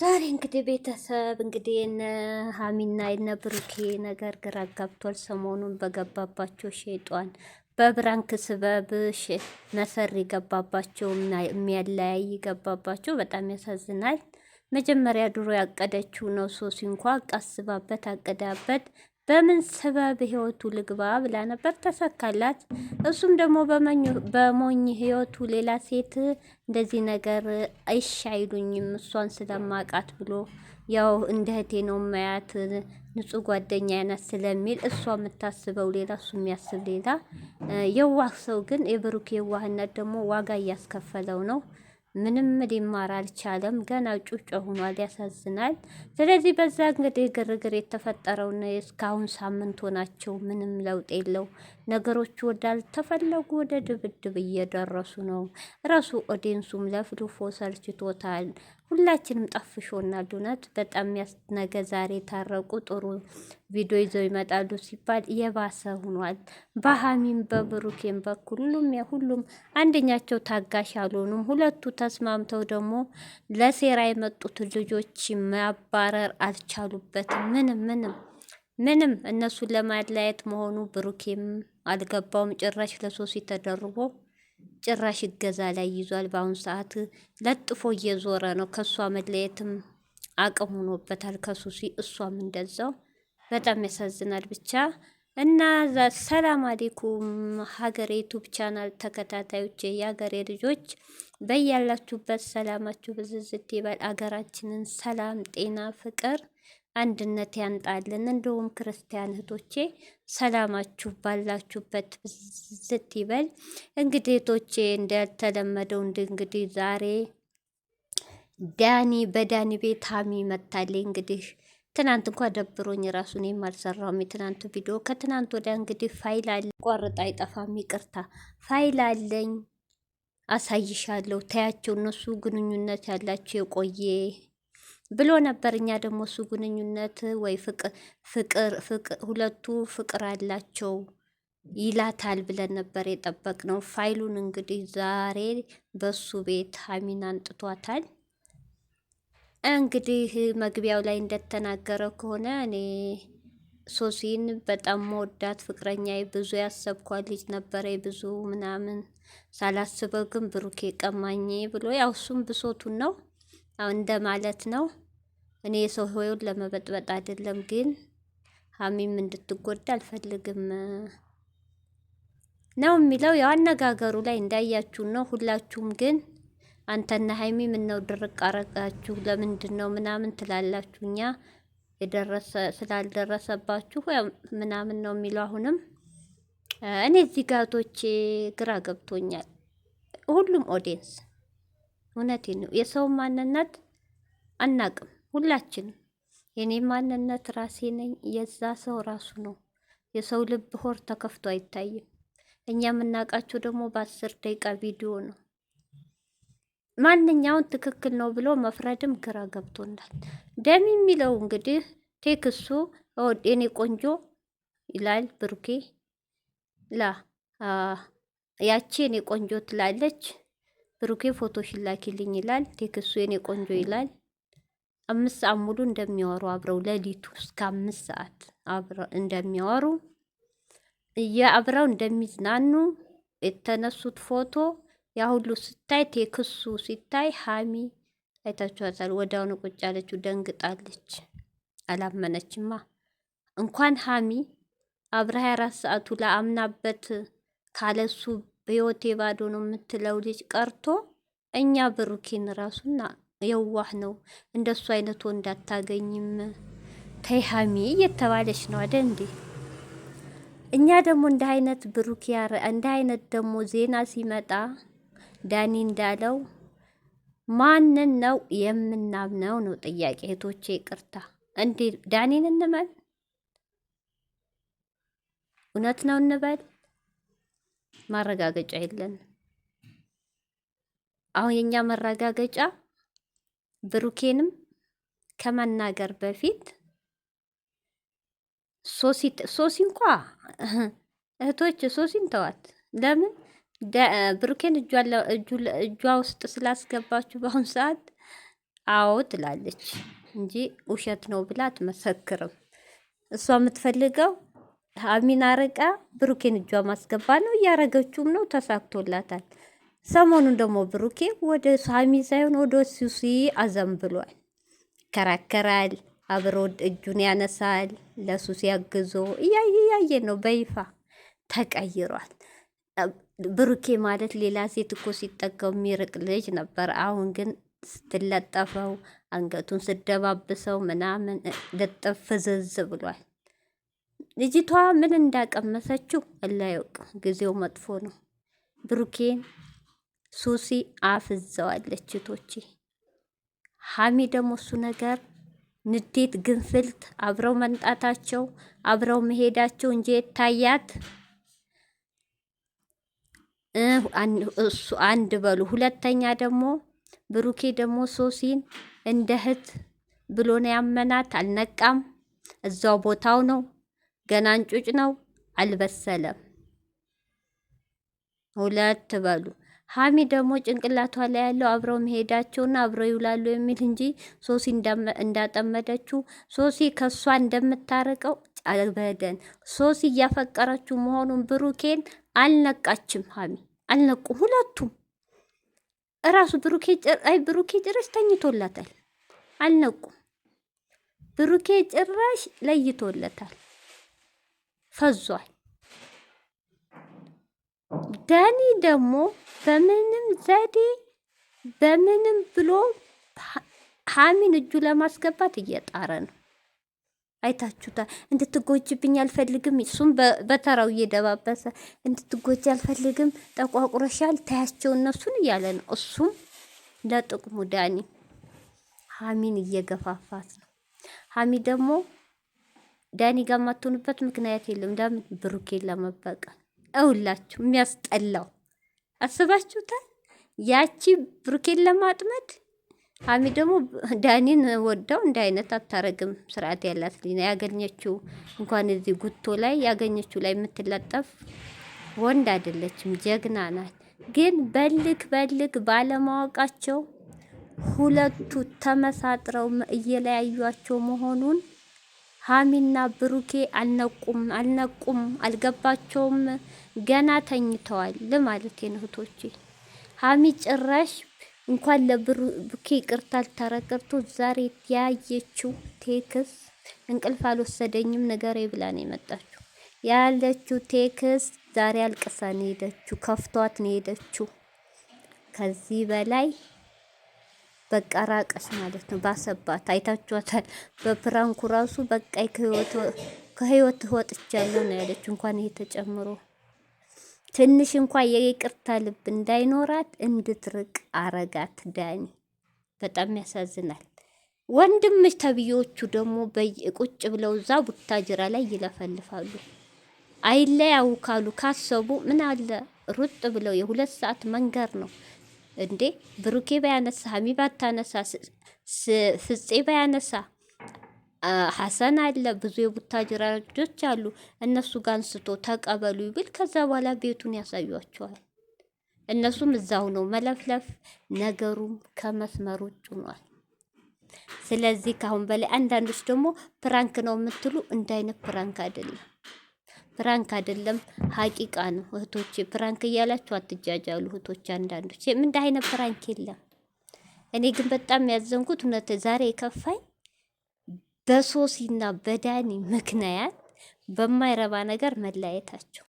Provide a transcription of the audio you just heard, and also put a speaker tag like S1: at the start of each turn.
S1: ዛሬ እንግዲህ ቤተሰብ እንግዲህ የነ ሀሚና የነ ብሩኬ ነገር ግራ ጋብቷል። ሰሞኑን በገባባቸው ሸጧን በብራንክ ስበብ መሰር ገባባቸው፣ የሚያለያይ ገባባቸው። በጣም ያሳዝናል። መጀመሪያ ድሮ ያቀደችው ነው ሶሲ እንኳ ቀስባበት አቅዳበት በምን ሰበብ ህይወቱ ልግባ ብላ ነበር፣ ተሰካላት። እሱም ደግሞ በሞኝ ህይወቱ ሌላ ሴት እንደዚህ ነገር እሺ አይሉኝም እሷን ስለማቃት ብሎ ያው እንደ እህቴ ነው ማያት ንጹህ ጓደኛ ያናት ስለሚል እሷ የምታስበው ሌላ እሱ የሚያስብ ሌላ። የዋህ ሰው ግን የብሩክ የዋህነት ደግሞ ዋጋ እያስከፈለው ነው። ምንም ሊማር አልቻለም። ገና ጩጮ ሆኗል። ያሳዝናል። ስለዚህ በዛ እንግዲህ ግርግር የተፈጠረው እስካሁን ሳምንት ሆናቸው ምንም ለውጥ የለው። ነገሮቹ ወዳልተፈለጉ ወደ ድብድብ እየደረሱ ነው። ራሱ ኦዲንሱም ለፍልፎ ሰልችቶታል። ሁላችንም ጠፍሾናል። እውነት በጣም ያስነገ ዛሬ ታረቁ ጥሩ ቪዲዮ ይዘው ይመጣሉ ሲባል የባሰ ሁኗል። በሀሚም በብሩኬም በኩል ሁሉም ሁሉም አንደኛቸው ታጋሽ አልሆኑም። ሁለቱ ተስማምተው ደግሞ ለሴራ የመጡት ልጆች ማባረር አልቻሉበትም። ምንም ምንም ምንም እነሱን ለማለያየት መሆኑ ብሩኬም አልገባውም። ጭራሽ ለሶሲ ተደርቦ ጭራሽ እገዛ ላይ ይዟል። በአሁኑ ሰዓት ለጥፎ እየዞረ ነው። ከእሷ መለየትም አቅም ሆኖበታል። ከሱሲ እሷም እንደዛው በጣም ያሳዝናል። ብቻ እና ሰላም አሌኩም ሀገሬ ዩቱብ ቻናል ተከታታዮች የሀገሬ ልጆች በያላችሁበት ሰላማችሁ ብዝዝት ይበል። አገራችንን ሰላም፣ ጤና፣ ፍቅር አንድነት ያንጣልን። እንደውም ክርስቲያን እህቶቼ ሰላማችሁ ባላችሁበት ብዝት ይበል። እንግዲህ እህቶቼ እንደተለመደው እንግዲህ ዛሬ ዳኒ በዳኒ ቤት ሀሚ መታለኝ እንግዲህ ትናንት እንኳ ደብሮኝ ራሱ እኔም አልሰራሁም። የትናንቱ ቪዲዮ ከትናንት ወዲያ እንግዲህ ፋይል አለ ቆርጥ አይጠፋም። ይቅርታ ፋይል አለኝ አሳይሻለሁ። ታያቸው እነሱ ግንኙነት ያላቸው የቆየ ብሎ ነበር። እኛ ደግሞ እሱ ግንኙነት ወይ ፍቅር ሁለቱ ፍቅር አላቸው ይላታል ብለን ነበር የጠበቅነው። ፋይሉን እንግዲህ ዛሬ በሱ ቤት ሀሚን አንጥቷታል። እንግዲህ መግቢያው ላይ እንደተናገረ ከሆነ እኔ ሶሲን በጣም መወዳት ፍቅረኛ ብዙ ያሰብኳ ልጅ ነበረ ብዙ ምናምን ሳላስበው ግን ብሩኬ ቀማኝ ብሎ ያው እሱም ብሶቱን ነው እንደ ማለት ነው። እኔ የሰው ህይወት ለመበጥበጥ አይደለም፣ ግን ሀሚም እንድትጎዳ አልፈልግም ነው የሚለው። ያው አነጋገሩ ላይ እንዳያችሁ ነው። ሁላችሁም ግን አንተና ሀይሚ ምነው ድርቅ አረጋችሁ? ለምንድን ነው ምናምን ትላላችሁ። እኛ የደረሰ ስላልደረሰባችሁ ምናምን ነው የሚለው። አሁንም እኔ እዚህ ጋቶቼ ግራ ገብቶኛል። ሁሉም ኦዲየንስ እውነቴ ነው። የሰው ማንነት አናቅም። ሁላችንም። የኔ ማንነት ራሴ ነኝ። የዛ ሰው ራሱ ነው። የሰው ልብ ሆር ተከፍቶ አይታይም። እኛ የምናውቃቸው ደግሞ በአስር ደቂቃ ቪዲዮ ነው። ማንኛውን ትክክል ነው ብሎ መፍረድም ግራ ገብቶናል። ደም የሚለው እንግዲህ ቴክሱ የኔ ቆንጆ ይላል ብሩኬ ላ ያቺ የኔ ቆንጆ ትላለች። ብሩኬ ፎቶ ሽላኪልኝ ይላል። ቴክሱ የኔ ቆንጆ ይላል። አምስት ሰዓት ሙሉ እንደሚያወሩ አብረው ለሊቱ እስከ አምስት ሰዓት አብረው እንደሚያወሩ አብረው እንደሚዝናኑ የተነሱት ፎቶ ያ ሁሉ ስታይ ቴክሱ ሲታይ ሀሚ አይታችኋታል። ወዲያውኑ ቁጭ ያለችው ደንግጣለች። አላመነችማ። እንኳን ሀሚ አብረ ሀያ አራት ሰዓቱ ለአምናበት ካለሱ በህይወቴ ባዶ ነው የምትለው ልጅ ቀርቶ እኛ ብሩኪን ራሱና የዋህ ነው። እንደሱ አይነት ወንድ አታገኝም። ተይሃሚ እየተባለች ነው አደ እንዴ እኛ ደግሞ እንደ አይነት ብሩክ ያረ እንደ አይነት ደግሞ ዜና ሲመጣ ዳኒ እንዳለው ማንን ነው የምናምነው ነው ጥያቄ። እህቶቼ ቅርታ እንዴ ዳኒን እንበል? እውነት ነው እንበል? ማረጋገጫ የለንም። አሁን የእኛ መረጋገጫ ብሩኬንም ከመናገር በፊት ሶሲ እንኳ እህቶች ሶሲን ተዋት። ለምን ብሩኬን እጇ ውስጥ ስላስገባችሁ በአሁኑ ሰዓት አዎ ትላለች እንጂ ውሸት ነው ብላ አትመሰክርም። እሷ የምትፈልገው አሚን አረቃ ብሩኬን እጇ ማስገባ ነው። እያረገችውም ነው፣ ተሳክቶላታል። ሰሞኑን ደግሞ ብሩኬ ወደ ሳሚ ሳይሆን ወደ ሱሲ አዘንብሏል። ይከራከራል፣ አብሮ እጁን ያነሳል፣ ለሱሲ ያግዞ እያየ እያየ ነው በይፋ ተቀይሯል። ብሩኬ ማለት ሌላ ሴት እኮ ሲጠጋው የሚርቅ ልጅ ነበር። አሁን ግን ስትለጠፈው አንገቱን ስደባብሰው ምናምን ልጥፍ ፍዝዝ ብሏል። ልጅቷ ምን እንዳቀመሰችው አላውቅም። ጊዜው መጥፎ ነው ብሩኬን ሱሲ አፍዘዋለች እቶቼ ሀሚ ደግሞ እሱ ነገር ንዴት፣ ግንፍልት አብረው መምጣታቸው አብረው መሄዳቸው እንጂ የታያት እሱ አንድ በሉ። ሁለተኛ ደግሞ ብሩኬ ደግሞ ሶሲን እንደ እህት ብሎ ነው ያመናት። አልነቃም፣ እዛው ቦታው ነው፣ ገና እንጩጭ ነው፣ አልበሰለም። ሁለት በሉ። ሀሚ ደግሞ ጭንቅላቷ ላይ ያለው አብረው መሄዳቸውና አብረው ይውላሉ የሚል እንጂ ሶሲ እንዳጠመደችው ሶሲ ከእሷ እንደምታረቀው አበደን። ሶሲ እያፈቀረችው መሆኑን ብሩኬን አልነቃችም። ሀሚ አልነቁ ሁለቱም እራሱ ብሩኬ አይ ብሩኬ ጭራሽ ተኝቶላታል። አልነቁም። ብሩኬ ጭራሽ ለይቶለታል፣ ፈዟል። ዳኒ ደግሞ በምንም ዘዴ በምንም ብሎ ሀሚን እጁ ለማስገባት እየጣረ ነው። አይታችሁታል። እንድትጎጅብኝ አልፈልግም። እሱም በተራው እየደባበሰ እንድትጎጅ አልፈልግም፣ ጠቋቁረሻል፣ ታያቸው እነሱን እያለ ነው። እሱም ለጥቅሙ ዳኒ ሀሚን እየገፋፋት ነው። ሀሚ ደግሞ ዳኒ ጋር የማትሆንበት ምክንያት የለም። ዳምን ብሩኬን ለመበቀል እውላችሁ የሚያስጠላው አስባችሁታል። ያቺ ብሩኬን ለማጥመድ ሀሚ ደግሞ ዳኒን ወደው እንደ አይነት አታረግም። ስርዓት ያላት ሊና ያገኘችው። እንኳን እዚህ ጉቶ ላይ ያገኘችው ላይ የምትለጠፍ ወንድ አይደለችም፣ ጀግና ናት። ግን በልክ በልክ ባለማወቃቸው ሁለቱ ተመሳጥረው እየለያዩቸው መሆኑን ሀሚና ብሩኬ አልነቁም አልነቁም አልገባቸውም፣ ገና ተኝተዋል ለማለት እህቶቼ። ሀሚ ጭራሽ እንኳን ለብሩኬ ይቅርታ ተረቅርቶ ዛሬ ያየችው ቴክስ እንቅልፍ አልወሰደኝም ነገር ብላ ነው የመጣችው ያለችው ቴክስ። ዛሬ አልቅሳ ነው ሄደችው፣ ከፍቷት ነው ሄደችው። ከዚህ በላይ በቃ ራቀች ማለት ነው። ባሰባት። አይታችኋታል። በፕራንኩ ራሱ በቃ ከህይወት ወጥቻለሁ ነው ያለች። እንኳን ይሄ ተጨምሮ ትንሽ እንኳን የይቅርታ ልብ እንዳይኖራት እንድትርቅ አረጋት ዳኒ። በጣም ያሳዝናል። ወንድምሽ ተብዬዎቹ ደግሞ ቁጭ ብለው እዛ ቡታጅራ ላይ ይለፈልፋሉ። አይለያው ካሉ ካሰቡ ምን አለ ሩጥ ብለው የሁለት ሰዓት መንገድ ነው እንዴ ብሩኬ ባያነሳ ሀሚ ባታነሳ ፍፄ ባያነሳ ሀሰን አለ ብዙ የቡታጅራ ልጆች አሉ። እነሱ ጋር አንስቶ ተቀበሉ ይብል። ከዛ በኋላ ቤቱን ያሳዩቸዋል። እነሱም እዛው ነው መለፍለፍ። ነገሩም ከመስመር ውጭ ሆኗል። ስለዚህ ከአሁን በላይ አንዳንዶች ደግሞ ፕራንክ ነው የምትሉ እንዳይነት ፕራንክ አይደለም። ፕራንክ አይደለም፣ ሀቂቃ ነው እህቶች። ፕራንክ እያላችሁ አትጃጃሉ እህቶች። አንዳንዶች ምን አይነት ፕራንክ የለም። እኔ ግን በጣም ያዘንኩት እውነት ዛሬ የከፋኝ በሶሲና በዳኒ ምክንያት በማይረባ ነገር መለያየታቸው